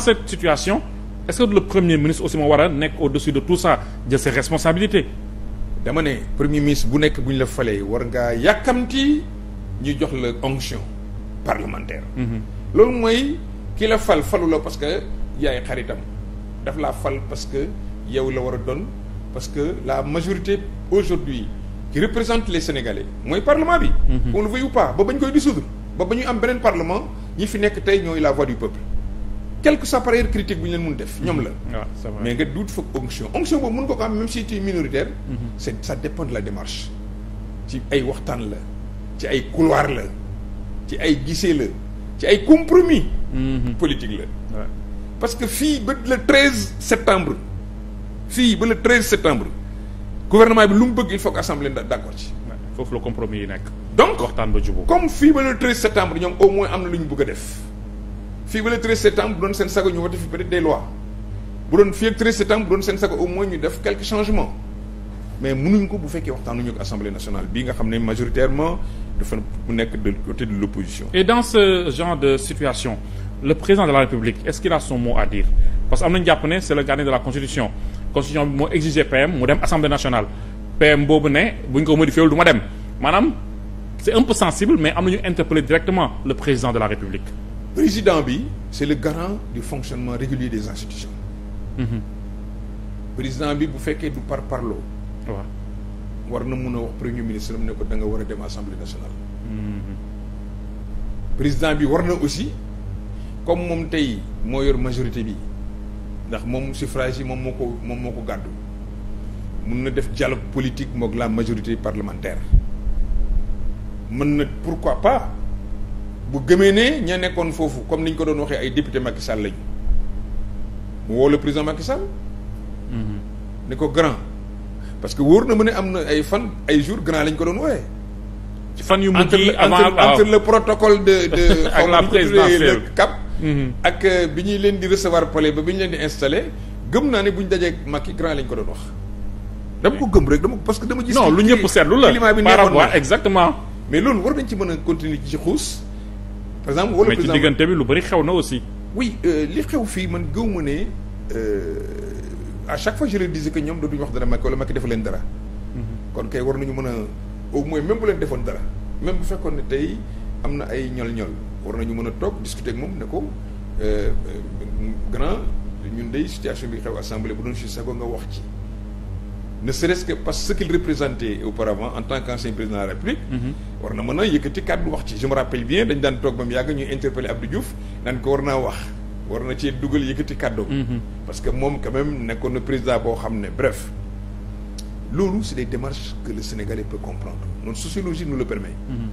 cette situation est-ce que le premier ministre aussi moo war a nekk au-dessus de tout ça jël ses responsabilités dama ne premier ministre bu nekk bu ñu la falee war ngaa yàkkamti ñu jox la onction parlementaire mhm. loolu mooy ki la fal falu la parce que yaay xaritam daf la fal parce que yow la war a doon parce que la majorité aujourd'hui qui représente les Sénégalais mooy parlement bi mhm. qu'on le veuille ou pas ba bañ koy dissoudre ba ba ñu am beneen parlement ñi fi nekk tey ñooy la voix quelle que soit par ailleurs critique bu ñu leen mun def ñoom la mais nga duut foog onction onction boobu mun ko ko am même si tu minoritaire mhm. c'est ça dépend de la démarche ci ay waxtaan la ci ay couloir la ci ay gisee la ci ay compromis mhm. politique la parce que fii ba le 13 septembre fii ba le 13 septembre gouvernement bi lu mu bëgg il faut que assemblée d'accord ci foofu la compromis yi nekk donc waxtaan ba jubóo comme fii ba le 13 septembre ñoom au moins am na lu ñu bëgg a def fii ba le 13 septembre bu doon seen sago ñu wote fi peut-être des lois bu doon fii ak 13 septembre bu doon seen sago au moins ñu def quelques changements mais mënuñ ko bu fekkee waxtaanuñu ak assemblée nationale bii nga xam ne majoritairement dafa mu nekk de côté de l'opposition et dans ce genre de situation le président de la république est-ce qu'il a son mot à dire parce que am nañu jàpp ne c'est le gardien de la constitution constitution bi moo PM mu ne buñ ko modifié wul du ma dem maanaam c'est mais am nañu interpeller directement le président de la république président bi c'est le garant du fonctionnement régulier des institutions mhm. président bi bu fekkee du par parloo waaw war na mun a wax premier ministre am ne ko da nga war a dem assemblée nationale mhm. président bi war na aussi comme moom tey moo yor majorité bi ndax moom suffrage yi moom moo ko moom moo ko gàddu mun na def dialogue politique moog la majorité parlementaire mën na pourquoi pas bu gëmee ne ña nekkoon foofu comme ni ñu ko doon waxee ay député Macky Sall lañu mu woo le président Macky Sall. Mhm. ne ko grand. parce que wóor na ma ne am na ay fan ay jours grand lañ ko doon wooyee. fan yu mujj avant entre le protocole de de. ak la présidentielle le cap. Mhm. ak euh, bi ñuy leen di recevoir palais ba bi ñu leen di installé gëm naa ne bu ñu dajee Macky grand lañ ko doon wax. dama ko gëm rek dama parce que dama. gis lu ñëpp seetlu la climat bi nekkoon na exactement. mais loolu war dañ ci mën a continuer ci par exemple wala président mais ci diggante bi lu bëri xew na aussi. oui euh, li xew fii man gëw ma ne euh, à chaque fois je leur disais que ñoom dootuñu wax dara Macky wala Macky defu leen dara. Mhm. kon kay war nañu mën a au moins même bu leen defoon dara même bu fekkoon ne tey am na ay ñol-ñol war nañu mën a toog discuter ak moom ne ko euh, grand ñun dey situation bi xew assemblée bu doon si sago nga wax ci. ne serait-ce que parce que ce qu'il auparavant en tant qu'ancien président la République mhm. war na mën a yëkkati kàddu wax ci je me rappelle bien dañ daan toog ba mu yàgg ñuy interpeller Abdou Diouf naan ko war naa wax war na cee dugal yëkkati kàddu mhm. parce que moom quand même nekkoon na président boo xam ne bref loolu c'est des démarche que le Sénégalais peut comprendre notre sociologie nous le permet mhm.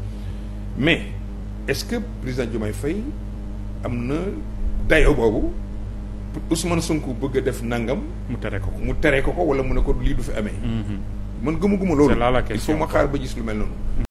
mais est-ce que président Diomaye Faye am na dayo boobu Ousmane Sonko bëgg a def nangam. mu tere ko ko mu tere ko ko wala mu ne ko lii du fi amee. Mhm. man gëmuguma loolu. il ma xaar ba gis lu mel noonu.